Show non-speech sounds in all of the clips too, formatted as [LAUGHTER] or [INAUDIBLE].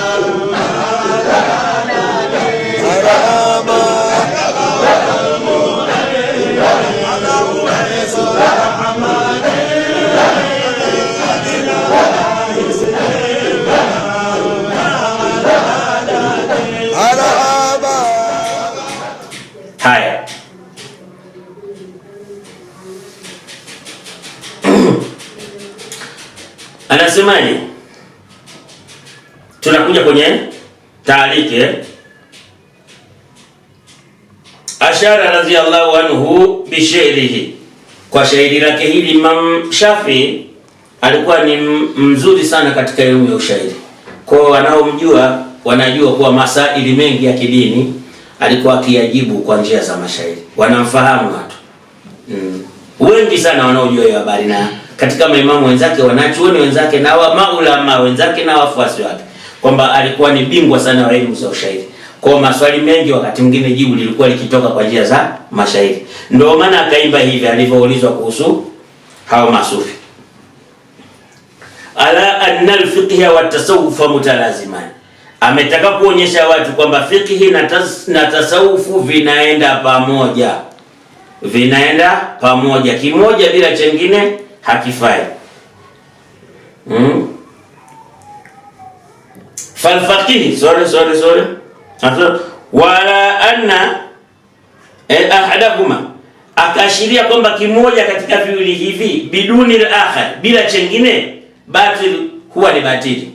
Allah Biashara radhiallahu anhu bishairihi, kwa shairi lake hili Imam Shafi alikuwa ni mzuri sana katika elimu ya ushairi. kwa wanaomjua wanajua kuwa masaili mengi ya kidini alikuwa akiyajibu kwa njia za mashairi, wanamfahamu watu mm. wengi sana wanaojua hiyo habari, na katika maimamu wenzake, wanachuoni wenzake na wa maulama wenzake na wafuasi wake, kwamba alikuwa ni bingwa sana wa elimu za ushairi. Kwa maswali mengi wakati mwingine jibu lilikuwa likitoka kwa njia za mashairi. Ndio maana akaimba hivi alivyoulizwa kuhusu hao masufi. Ala anna al-fiqh wa tasawuf mutalaziman. Ametaka kuonyesha watu kwamba fiqh na, tas, na tasawufu vinaenda pamoja. Vinaenda pamoja, kimoja bila chengine hakifai. Hmm. Falfaqih, sorry sorry sorry wala anna eh, ahadahuma akaashiria kwamba kimoja katika viwili hivi biduni al-akhar, bila chengine, batil huwa ni batili.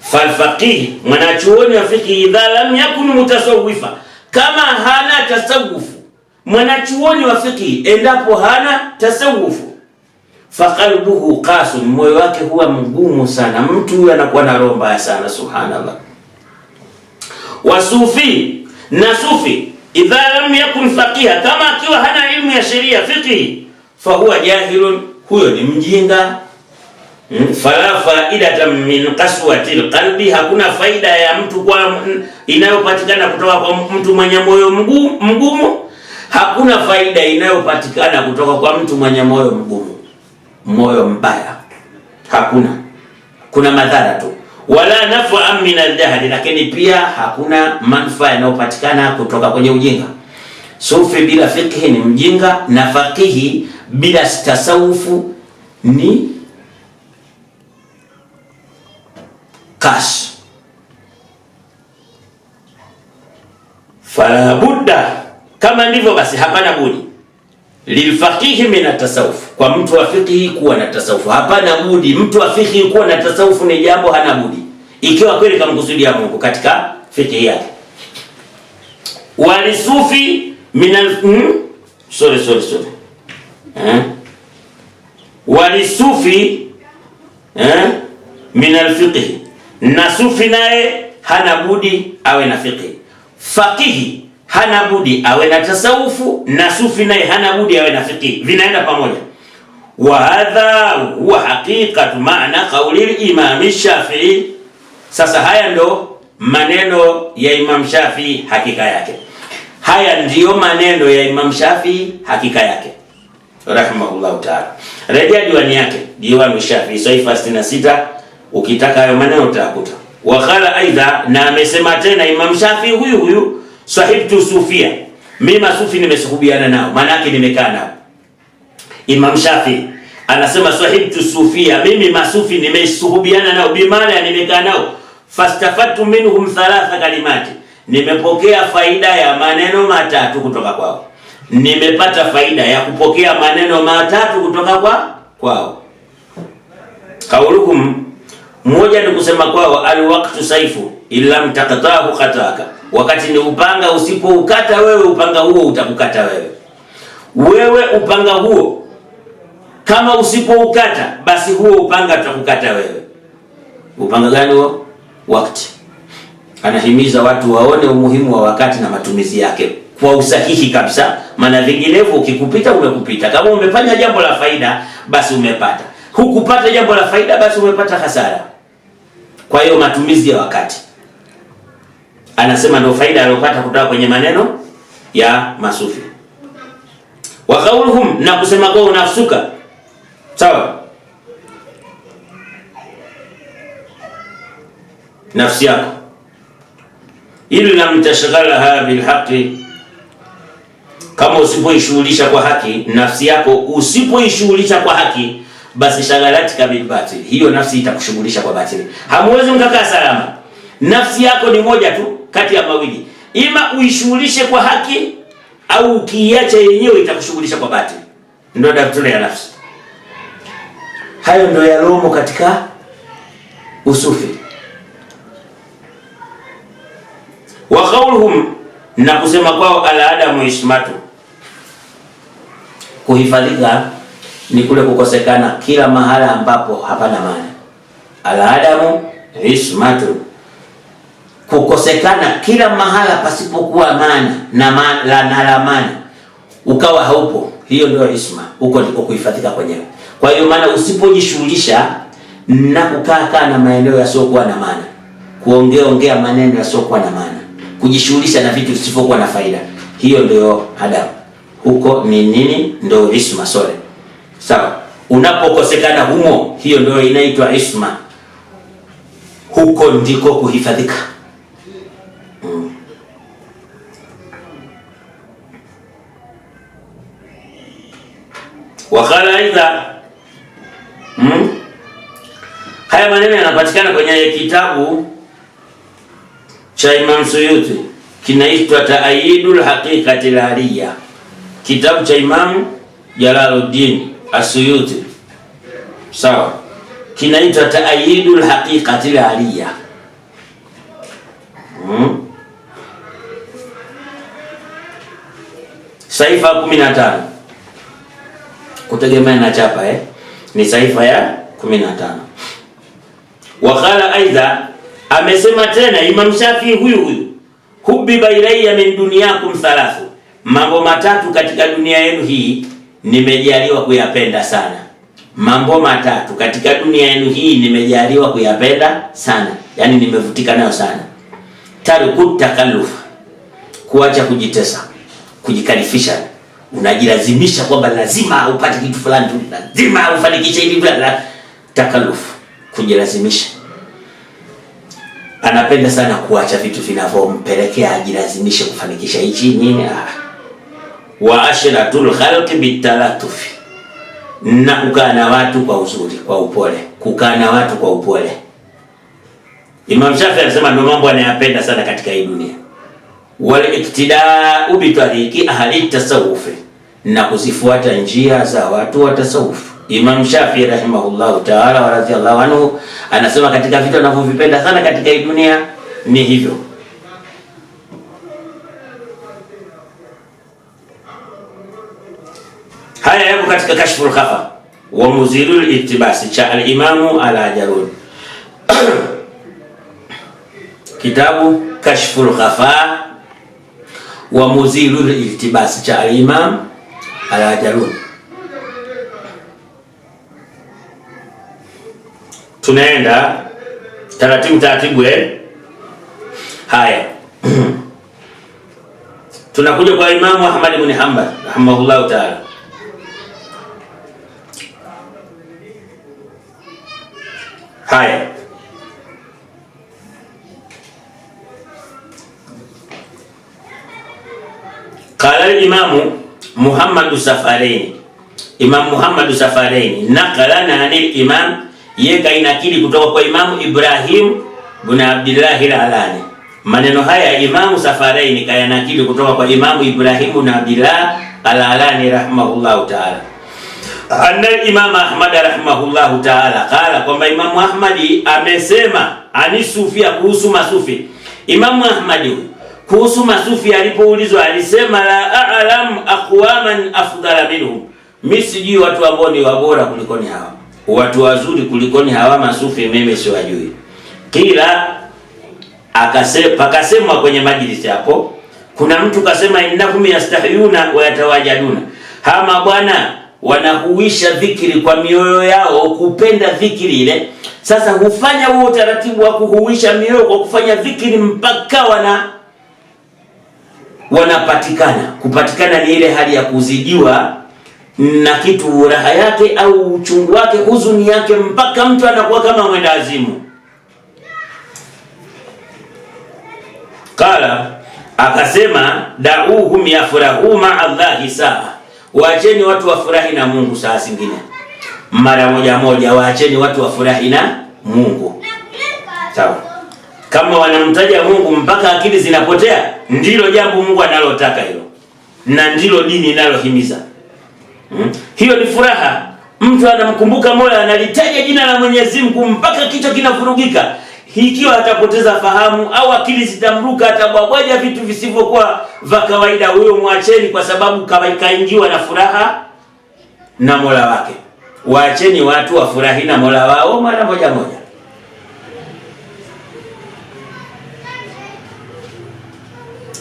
Falfaqih, mwanachuoni wa fiqh, idha lam yakun mutasawwifa, kama hana tasawufu, mwanachuoni wa fiqh endapo hana tasawufu, faqalbuhu qasun, moyo wake huwa mgumu sana. Mtu anakuwa na roho mbaya sana, subhanallah wasufi na sufi idha lam yakun faqiha, kama akiwa hana ilmu ya sheria fiqhi, fa huwa jahilun, huyo ni mjinga. Hmm, fala faidata min qaswatil qalbi, hakuna faida ya mtu kwa inayopatikana kutoka kwa mtu mwenye moyo mgumu. Hakuna faida inayopatikana kutoka kwa mtu mwenye moyo mgumu, moyo mbaya, hakuna. Kuna madhara tu wala nafaa min aldahri, lakini pia hakuna manufaa yanayopatikana kutoka kwenye ujinga. Sufi bila fikhi ni mjinga, na faqihi bila tasawufu ni kash. Fala budda, kama ndivyo basi hapana budi lilfaqihi min atasawuf, kwa mtu wa fiqhi kuwa na tasawuf. Hapana budi mtu wa fiqhi kuwa na tasawuf ni jambo hana budi, ikiwa kweli kamkusudia Mungu katika fiqhi yake. Walisufi min al hmm? sorry sorry sorry eh, walisufi eh min alfiqhi, na sufi naye hana budi awe na fiqhi faqihi hana budi awe na tasawufu na sufi naye hana budi awe na fiqhi, vinaenda pamoja. Wa hadha huwa haqiqatu maana qauli Imam Shafi'i. Sasa haya ndo maneno ya Imam Shafi'i, hakika yake. Haya ndiyo maneno ya Imam Shafi'i, hakika yake rahimahullahu taala. Rejea diwani yake, diwani Shafi'i saifa 66, ukitaka hayo maneno utakuta. Wakala aidha, na amesema tena Imam Shafi'i huyu huyu Sahibtu sufia, mimi masufi nimesuhubiana nao, maana yake nimekaa nao. Imam Shafi anasema sahibtu sufia, mimi masufi nimesuhubiana nao, bi maana nimekaa nao. Fastafadtu minhum thalatha kalimati, nimepokea faida ya maneno matatu kutoka kwao. Nimepata faida ya kupokea maneno matatu kutoka kwa kwao. Kaulukum, mmoja ni kusema kwao, alwaqtu saifu illa mtakatahu kataka, wakati ni upanga, usipoukata wewe upanga huo utakukata wewe. Wewe upanga huo kama usipoukata, basi huo upanga utakukata wewe. Upanga gani huo? Wakati. Anahimiza watu waone umuhimu wa wakati na matumizi yake kwa usahihi kabisa, maana vinginevyo ukikupita umekupita. Kama umefanya jambo la faida, basi umepata; hukupata jambo la faida, basi umepata hasara. Kwa hiyo matumizi ya wakati anasema ndio faida aliyopata kutoka kwenye maneno ya masufi. Wa qauluhum, na kusema kwao nafsuka, sawa, nafsi yako, ili illa mtashghalaha bilhaqi, kama usipoishughulisha kwa haki nafsi yako, usipoishughulisha kwa haki, basi shaghalatika bilbatili, hiyo nafsi itakushughulisha kwa batili. Hamwezi mkakaa salama, nafsi yako ni moja tu kati ya mawili, ima uishughulishe kwa haki au ukiiacha yenyewe itakushughulisha kwa batili. Ndio daftuna ya nafsi. Hayo ndio yalomo katika usufi wa kauluhum, na kusema kwao ala adamu ismatu, kuhifadhika ni kule kukosekana kila mahala ambapo hapana maana. Ala adamu ismatu kukosekana kila mahala pasipokuwa amani na la, na amani ukawa haupo, hiyo ndio isma, huko ndiko kuhifadhika kwenyewe. Kwa hiyo maana usipojishughulisha na kukaa kaa na maeneo yasiokuwa na maana, kuongea ongea maneno yasiokuwa na maana, kujishughulisha na vitu visivyokuwa na faida, hiyo ndio adabu. Huko ni nini? Ndio isma sore. Sawa, unapokosekana humo, hiyo ndio inaitwa isma, huko ndiko kuhifadhika. Wakala aidha hmm? Haya maneno yanapatikana kwenye kitabu cha Imam Suyuti kinaitwa Taayidul Haqiqati Al-Aliya, kitabu cha Imam Jalaluddin Asuyuti, sawa, kinaitwa Taayidul Haqiqati Al-Aliya hmm? saifa kutegemea na chapa eh? Ni saifa ya 15. Wakala aidha amesema tena Imam Shafi huyu huyu, hubiba ilaiya min dunyakum thalathu, mambo matatu katika dunia yenu hii nimejaliwa kuyapenda sana. Mambo matatu katika dunia yenu hii nimejaliwa kuyapenda sana, yani nimevutika nayo sana. Tarku takallufa, kuacha kujitesa, kujikalifisha unajilazimisha kwamba lazima upate kitu fulani, tu, lazima ufanikishe hili bila takalufu, kujilazimisha. Anapenda sana kuacha vitu vinavyompelekea ajilazimishe kufanikisha hichi nini. Ah. Wa ashratul khalqi bitalatuf, na kukaa na watu kwa uzuri, kwa upole, kukaa na watu kwa upole. Imam Shafi anasema ndio mambo anayapenda sana katika hii dunia waliktidau bitariki ahli tasawufi, na kuzifuata njia za watu wa tasawufu. Imam Shafi rahimahullahu taala wa radhiallahu anhu anasema katika vitu anavyovipenda sana katika hii dunia ni hivyo Haya yako katika Kashful Khafa wa Muzilul Iktibasi cha Alimamu Alajaruni [COUGHS] kitabu Kashful Khafa wa muzilu iltibas cha alimam Alajaruni. Tunaenda taratibu taratibu, eh. Haya, [CLEARS THROAT] tunakuja kwa Imamu Ahmad ibn Hanbal rahimahullahu taala. Haya. Imamu Muhammadu Safareni, Imamu Muhammadu Safareni nakalana anil imam, yeye kainakili kutoka kwa Imamu Ibrahim bin Abdullah al-Alani. Maneno haya Imamu Safareni kayanakili kutoka kwa Imamu Ibrahim bin Abdullah al-Alani rahimahullahu ta'ala. Anna Imam Ahmad rahimahullahu ta'ala kala kwamba Imamu Ahmadi amesema anisufia kuhusu masufi. Imamu Ahmadi kuhusu masufi alipoulizwa alisema la a'lam aqwaman afdala minhum, mimi sijui watu ambao ni wabora kulikoni hawa, watu wazuri kulikoni hawa masufi, mimi siwajui. Kila akasema pakasemwa kwenye majlisi hapo, kuna mtu kasema innahum yastahiyuna wa yatawajaduna, hama bwana wanahuisha dhikiri kwa mioyo yao kupenda dhikiri ile. Sasa hufanya huo utaratibu wa kuhuisha mioyo kwa kufanya dhikiri mpaka wana wanapatikana. Kupatikana ni ile hali ya kuzijua na kitu, raha yake au uchungu wake, huzuni yake, mpaka mtu anakuwa kama mwenda azimu. Kala akasema, dauhum yafurahu maa llahi saa, waacheni watu wafurahi na Mungu saa zingine, mara moja moja, waacheni watu wafurahi na Mungu. Sawa, kama wanamtaja Mungu mpaka akili zinapotea ndilo jambo Mungu analotaka hilo, na ndilo dini inalohimiza hmm. Hiyo ni furaha, mtu anamkumbuka Mola, analitaja jina la Mwenyezi Mungu mpaka kichwa kinavurugika. Ikiwa atapoteza fahamu au akili zitamruka, atabwabwaja vitu visivyokuwa vya kawaida, huyo mwacheni, kwa sababu kaingiwa na furaha na Mola wake. Waacheni watu wafurahi na Mola wao mara moja moja.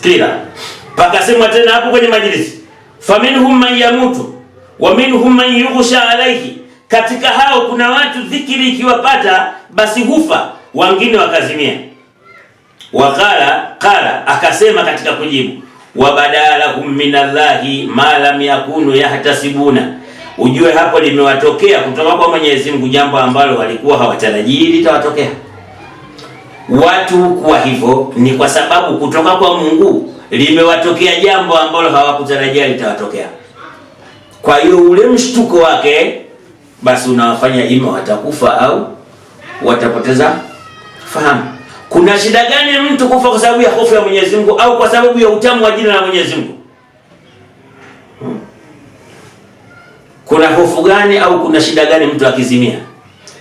kila. Pakasemwa tena hapo kwenye majlisi, faminhum man yamutu wa minhum man yughsha alaihi, katika hao kuna watu dhikiri ikiwapata basi hufa, wangine wakazimia. Wakala qala, akasema katika kujibu, wabadalahum minallahi ma lam yakunu yahtasibuna Ujue hapo limewatokea kutoka kwa Mwenyezi Mungu jambo ambalo walikuwa hawatarajii litawatokea watu kuwa hivyo ni kwa sababu kutoka kwa Mungu limewatokea jambo ambalo hawakutarajia litawatokea. Kwa hiyo ule mshtuko wake basi unawafanya ima watakufa au watapoteza fahamu. Kuna shida gani mtu kufa kwa sababu ya hofu ya Mwenyezi Mungu au kwa sababu ya utamu wa jina la Mwenyezi Mungu? Hmm. Kuna hofu gani au kuna shida gani mtu akizimia?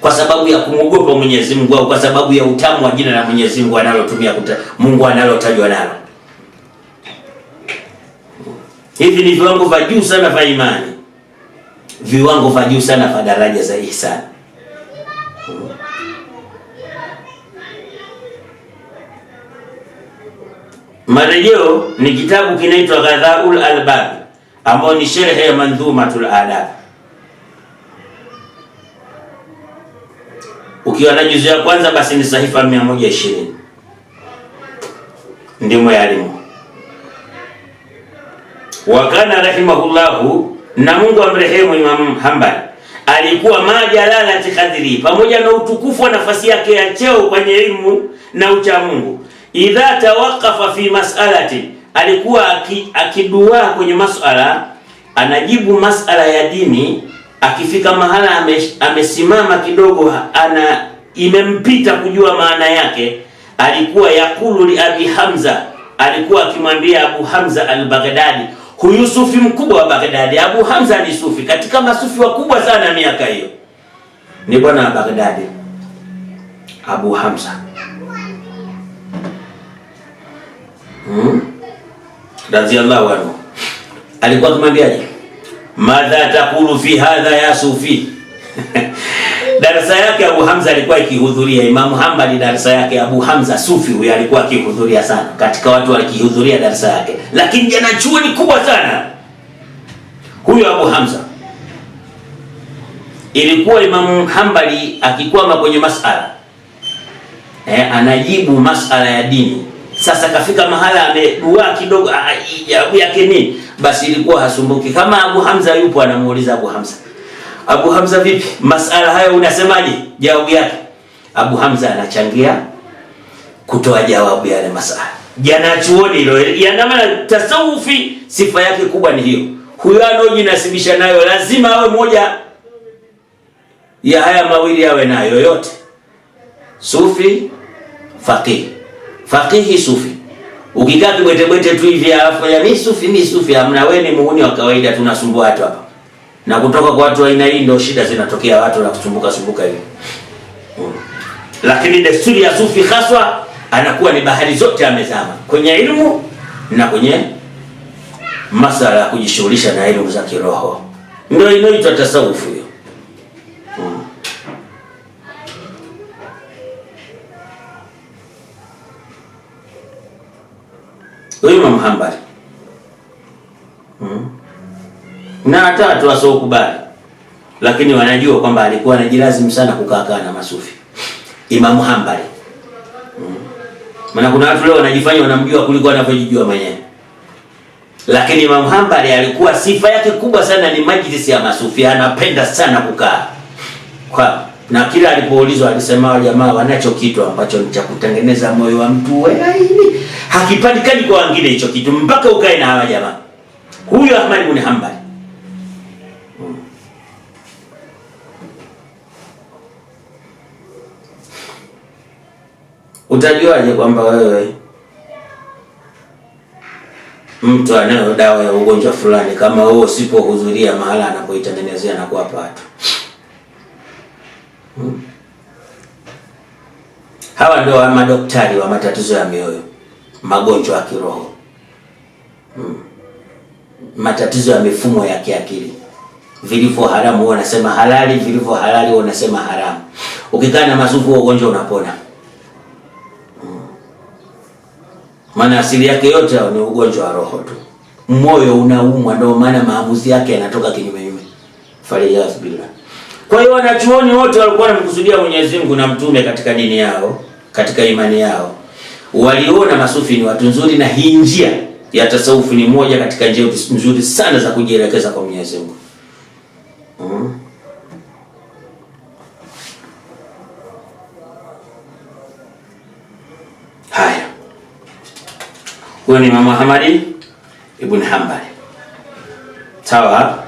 kwa sababu ya kumwogopa Mwenyezi Mungu au kwa sababu ya utamu wa jina la Mwenyezi Mungu analotumia Mungu analotajwa nalo. Hivi ni viwango vya juu sana vya imani, viwango vya juu sana vya daraja za ihsani. Marejeo ni kitabu kinaitwa Ghadhaul Albab, ambao ni sherehe ya Mandhumatul Adab. Ukiwa na juzu ya kwanza basi ni sahifa 120 ndimo yalimo. Wa kana rahimahullahu, na Mungu amrehemu Imam Hambali, alikuwa majalalati kadiri, pamoja na utukufu wa nafasi yake ya cheo kwenye elimu na ucha Mungu, idha tawaqafa fi mas'alati, alikuwa akidua kwenye masala, anajibu masala ya dini akifika mahala ame, amesimama kidogo, ana imempita kujua maana yake. Alikuwa yakulu li Abi Hamza, alikuwa akimwambia Abu Hamza al-Baghdadi, huyu sufi mkubwa wa Baghdadi. Abu Hamza ni sufi katika masufi wakubwa sana miaka hiyo, ni bwana wa Baghdadi, Abu Hamza hmm? radhiallahu anhu alikuwa akimwambiaje? madha takulu fi hadha ya sufi [LAUGHS] darasa yake Abu Hamza alikuwa ikihudhuria Imam Hanbali, darasa yake Abu Hamza Sufi huyo alikuwa akihudhuria sana katika watu walikihudhuria darasa yake, lakini jana chuo ni kubwa sana. Huyo Abu Hamza ilikuwa Imam hambali akikwama kwenye masala eh, anajibu masala ya dini sasa kafika mahala amedua kidogo, ajabu ah, yake nini? Basi ilikuwa hasumbuki. Kama Abu Hamza yupo, anamuuliza Abu Hamza, Abu Hamza, vipi masala hayo unasemaje? Jawabu yake Abu Hamza anachangia kutoa jawabu yale masala. Jana chuoni hilo yanamana tasawufi, sifa yake kubwa ni hiyo. Huyo anaojinasibisha nayo lazima awe moja ya haya mawili, awe nayo yote, sufi faqih fakihi sufi. Ukikaa kibwete bwete tu hivi alafu ya mimi sufi mimi sufi, amna wewe ni muuni wa kawaida, tunasumbua watu hapa. Na kutoka kwa watu aina hii ndio shida zinatokea watu na kusumbuka sumbuka hivi. Mm. Lakini desturi ya sufi haswa anakuwa ni bahari zote amezama kwenye ilmu na kwenye masala ya kujishughulisha na elimu za kiroho, ndio inaitwa tasawufu. Huyo Imam Hanbali hmm. na hata watu wasiokubali, lakini wanajua kwamba alikuwa anajilazimu sana kukaa na masufi Imam Hanbali hmm. maana kuna watu leo wanajifanya wanamjua kuliko wanavyojijua mwenyewe, lakini Imam Hanbali alikuwa sifa yake kubwa sana ni majlisi ya masufi, anapenda sana kukaa kwa na kila alipoulizwa alisema jamaa wanacho kitu ambacho ni cha kutengeneza moyo wa mtu wewe, hakipatikani kwa wengine hicho kitu, mpaka ukae na hawa jamaa. Huyu Ahmad ibn Hanbal hmm. Utajuaje kwamba wewe mtu anayo dawa ya ugonjwa fulani kama wewe usipohudhuria mahala anapoitengenezea na kuwapa watu Hawa ndio wa madaktari wa matatizo ya mioyo, magonjwa ya kiroho, hmm. matatizo ya mifumo ya kiakili. Vilivyo haramu wanasema halali, vilivyo halali wanasema haramu. Ukikaa na mazufu wa ugonjwa unapona, hmm. maana asili yake yote ni ugonjwa wa roho tu. Moyo unaumwa, ndio maana maamuzi yake yanatoka kinyume nyume. Farijahu billah. Kwa hiyo wanachuoni wote walikuwa wanamkusudia Mwenyezi Mungu na mtume katika dini yao, katika imani yao. Waliona masufi ni watu nzuri, na hii njia ya tasawufu ni moja katika njia nzuri sana za kujielekeza kwa Mwenyezi Mungu. Mm. Haya, huyo ni Imam Ahmad ibn Hanbal. Sawa.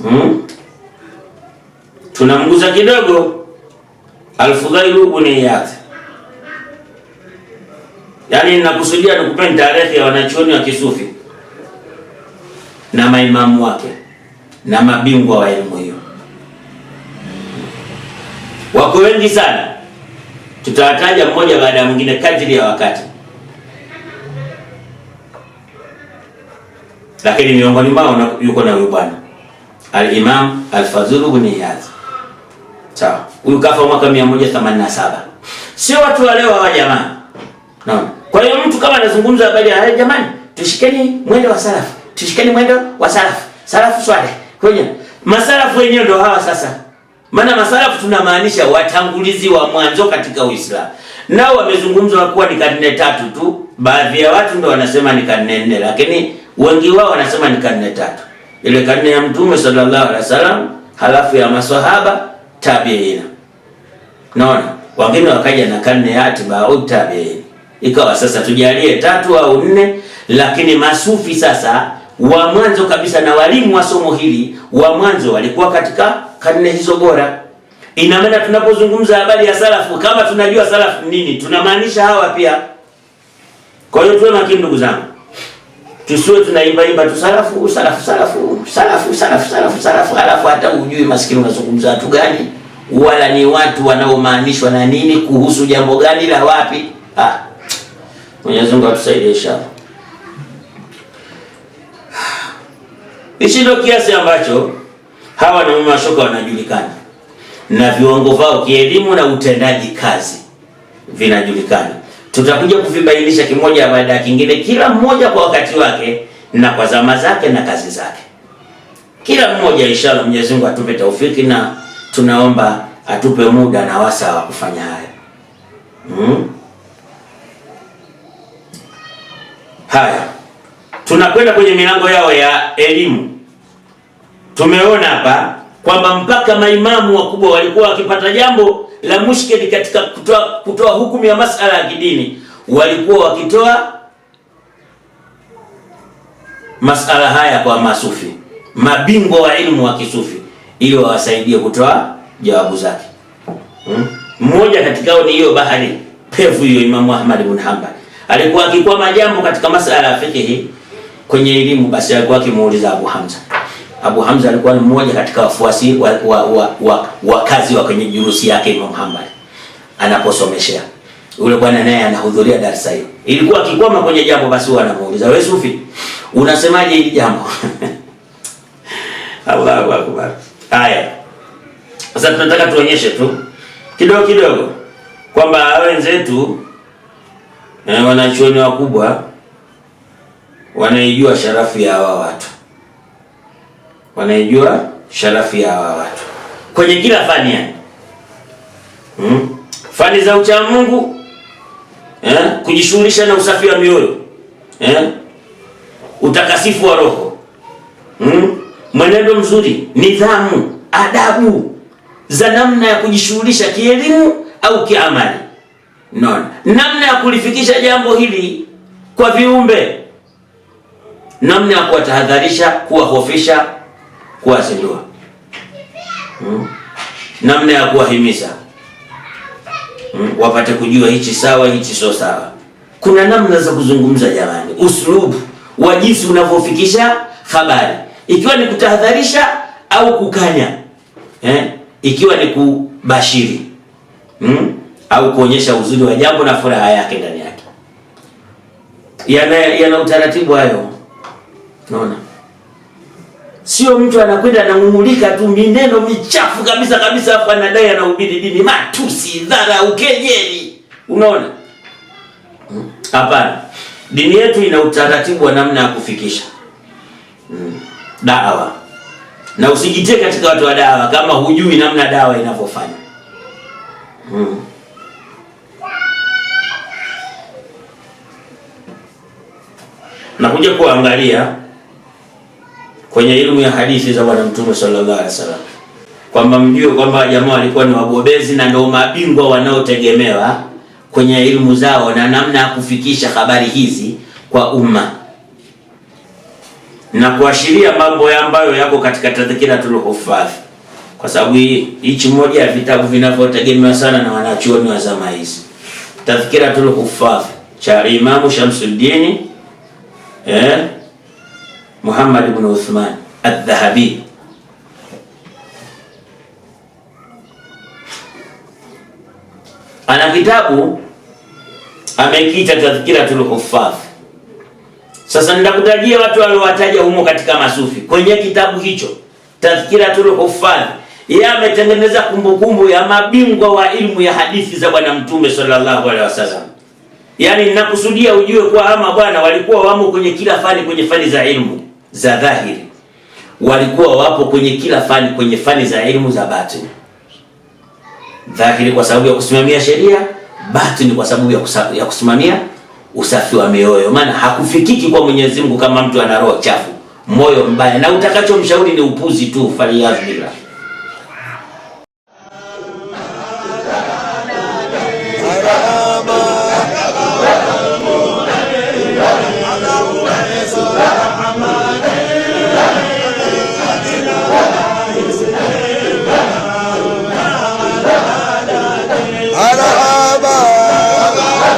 hmm? tunamguza kidogo alfudhailu ibn Iyad, yaani ninakusudia nikupeni tarehe ya wanachuoni wa kisufi na maimamu wake na mabingwa wa elimu hiyo, wako wengi sana, tutawataja mmoja baada ya mwingine kadiri ya wakati, lakini miongoni mwao yuko na huyu bwana Al-Imam Al-Fadhil ibn Iyadh. Sawa. Huyu kafa mwaka 187. Sio watu wa leo hawa jamaa. Naam. Kwa hiyo mtu kama anazungumza habari ya haya jamani, tushikeni mwendo wa salafu. Tushikeni mwendo wa salafu. Salafu swale. Kwenye masalafu wenyewe ndio hawa sasa. Maana masalafu tunamaanisha watangulizi wa mwanzo katika Uislamu. Nao wamezungumzwa na kuwa ni karne tatu tu. Baadhi ya watu ndio wanasema ni karne nne, lakini wengi wao wanasema ni karne tatu ile karne ya Mtume sallallahu alaihi wasallam, halafu ya maswahaba tabiina. Naona wengine wakaja na karne ya atba au tabiina, ikawa sasa tujalie tatu au nne, lakini masufi sasa wa mwanzo kabisa na walimu wa somo hili wa mwanzo walikuwa katika karne hizo bora. Ina maana tunapozungumza habari ya salafu, kama tunajua salafu nini, tunamaanisha hawa pia. Kwa hiyo tuwe makini ndugu zangu tusiwe tunaiba iba tu salafu salafu salafu salafu salafu salafu salafu, alafu hata hujui maskini unazungumza watu gani, wala ni watu wanaomaanishwa na nini, kuhusu jambo gani la wapi. Ah, Mwenyezi Mungu atusaidie inshallah. Hichi ndio kiasi ambacho hawa na mashoka wanajulikana na viwango vao kielimu na utendaji kazi vinajulikana tutakuja kuvibainisha kimoja baada ya kingine, kila mmoja kwa wakati wake na kwa zama zake na kazi zake, kila mmoja inshallah. Mwenyezi Mungu atupe taufiki na tunaomba atupe muda na wasa wa kufanya haya hmm. Haya, tunakwenda kwenye milango yao ya elimu. Tumeona hapa kwamba mpaka maimamu wakubwa walikuwa wakipata jambo la mushkeli katika kutoa, kutoa hukumu ya masala ya kidini walikuwa wakitoa masala haya kwa masufi, mabingwa wa ilmu wa kisufi ili wawasaidie kutoa jawabu zake. Hmm? Mmoja hmm, katikao ni hiyo bahari pevu hiyo, Imamu Ahmad ibn Hanbal alikuwa akikwama jambo katika masala ya fikihi kwenye elimu, basi alikuwa akimuuliza Abu Hamza Abu Hamza alikuwa ni mmoja katika wafuasi wa, wa, wa, wa, wakazi wa kwenye jurusi yake Imam anaposomeshea. Yule bwana naye anahudhuria darasa hiyo. Ilikuwa akikwama kwenye jambo basi huwa anamuuliza, "Wewe Sufi, unasemaje hili jambo?" [LAUGHS] Allahu akbar. Haya. Sasa tunataka tuonyeshe tu kidogo kidogo kwamba wenzetu eh, wanachuoni wakubwa wanaijua sharafu ya hawa watu wanaijua sharafu ya hawa watu kwenye kila fani ya Hmm? Fani za ucha Mungu eh? Kujishughulisha na usafi wa mioyo eh? Utakasifu wa roho hmm? Mwenendo mzuri, nidhamu, adabu za namna ya kujishughulisha kielimu au kiamali non. Namna ya kulifikisha jambo hili kwa viumbe, namna ya kuwatahadharisha, kuwahofisha kuwazindua hmm? namna ya kuwahimiza hmm? wapate kujua hichi sawa, hichi sio sawa. Kuna namna za kuzungumza jamani, uslubu wa jinsi unavyofikisha habari, ikiwa ni kutahadharisha au kukanya eh? ikiwa ni kubashiri hmm? au kuonyesha uzuri wa jambo na furaha yake ndani yake, yana, yana utaratibu hayo, no. Sio mtu anakwenda anang'ung'ulika tu mineno michafu kabisa kabisa, afu anadai anahubiri dini, matusi, dhara, ukejeli. Unaona? Hmm? Hapana. Dini yetu ina utaratibu wa namna ya kufikisha hmm. dawa na usijitie katika watu wa dawa kama hujui namna dawa inavyofanya hmm. Nakuja kuangalia kwenye ilmu ya hadithi za Bwana Mtume sallallahu alaihi wasallam, kwamba mjue kwamba jamaa walikuwa ni wabobezi na ndio mabingwa wanaotegemewa kwenye ilmu zao na namna ya kufikisha habari hizi kwa umma na kuashiria mambo ya ambayo yako katika Tadhkiratul Huffaz, kwa sababu hichi moja ya vitabu vinavyotegemewa sana na wanachuoni wa zama hizi, Tadhkiratul Huffaz cha Imamu Shamsuddin eh Muhammad ibn Uthman al dhahabi ana kitabu amekita Tadhkiratul Huffaz. Sasa nitakutajia watu waliowataja humo katika masufi kwenye kitabu hicho Tadhkiratul Huffaz. Yeye ametengeneza kumbukumbu ya mabingwa wa ilmu ya hadithi za Bwana Mtume sallallahu alaihi wasallam. Yaani ninakusudia ujue kuwa ama bwana walikuwa wamo kwenye kila fani, kwenye fani za ilmu za dhahiri walikuwa wapo kwenye kila fani, kwenye fani za elimu za batini. Dhahiri kwa sababu ya kusimamia sheria, batini kwa sababu ya kusimamia usafi wa mioyo, maana hakufikiki kwa Mwenyezi Mungu kama mtu ana roho chafu, moyo mbaya, na utakachomshauri ni upuzi tu, billah.